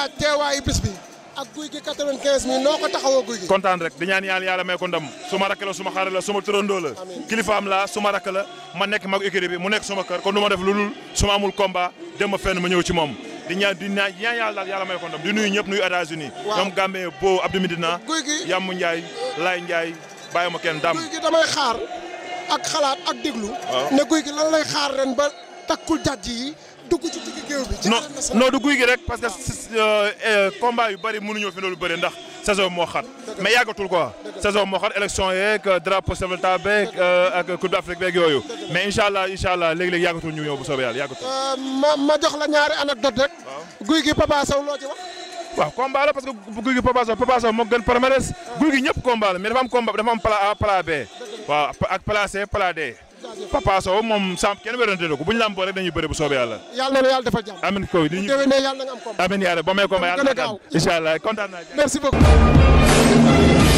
laaj teewaayu bis bi ak guy gi 95 mi noo ko taxawoo guy gi. kontaan rek di ñaan yàlla yàlla may ko ndam su ma rakk la ma xaar la su ma tërëndoo kilifaam la su ma ma nekk mag écurie bi mu nekk suma kër kon du ma def lu dul su amul combat dem ma fenn ma ñëw ci moom. di ñaan di daal yàlla may ko ndam di nuyu ñëpp nuyu États-Unis ñoom Gambey Bo Abdou Medina. guy gi Yamou Ndiaye Laye ma kenn dam guy gi damay xaar ak xalaat ak déglu. ne guy gi lan lay xaar ren ba takkul jàjj yi dugg ci digg géew bi. ci non non du Euh, euh, combat yu bëri mënuñoo fi loolu bëri ndax saison moo xat mais yàggatul quoi saison moo xat élection yeeg euh, drapeau Sénégal beeg ak coupe d'Afrique beeg yooyu mais incha allah incha allah léegi-léegi yàggatul ñu ñëw bu soobee yàlla yàggatul. ma ma jox la ñaari anecdote guy gi Papa Sow loo ci parce que guy gi Papa Sow moo gën palmarès guy gi ñëpp combat la mais dafa am combat dafa A plan B. waaw ak plan C plan Papa Sow moom sam kenn werante ko buñ lamboo rek dañuy bëri bu soobee yàlla. yàlla na yàlla defal jàmm. amiin ñu déwénee yàlla nga am combat. amiin yàlla ba may combat yàlla na am kontaan naa. merci beaucoup.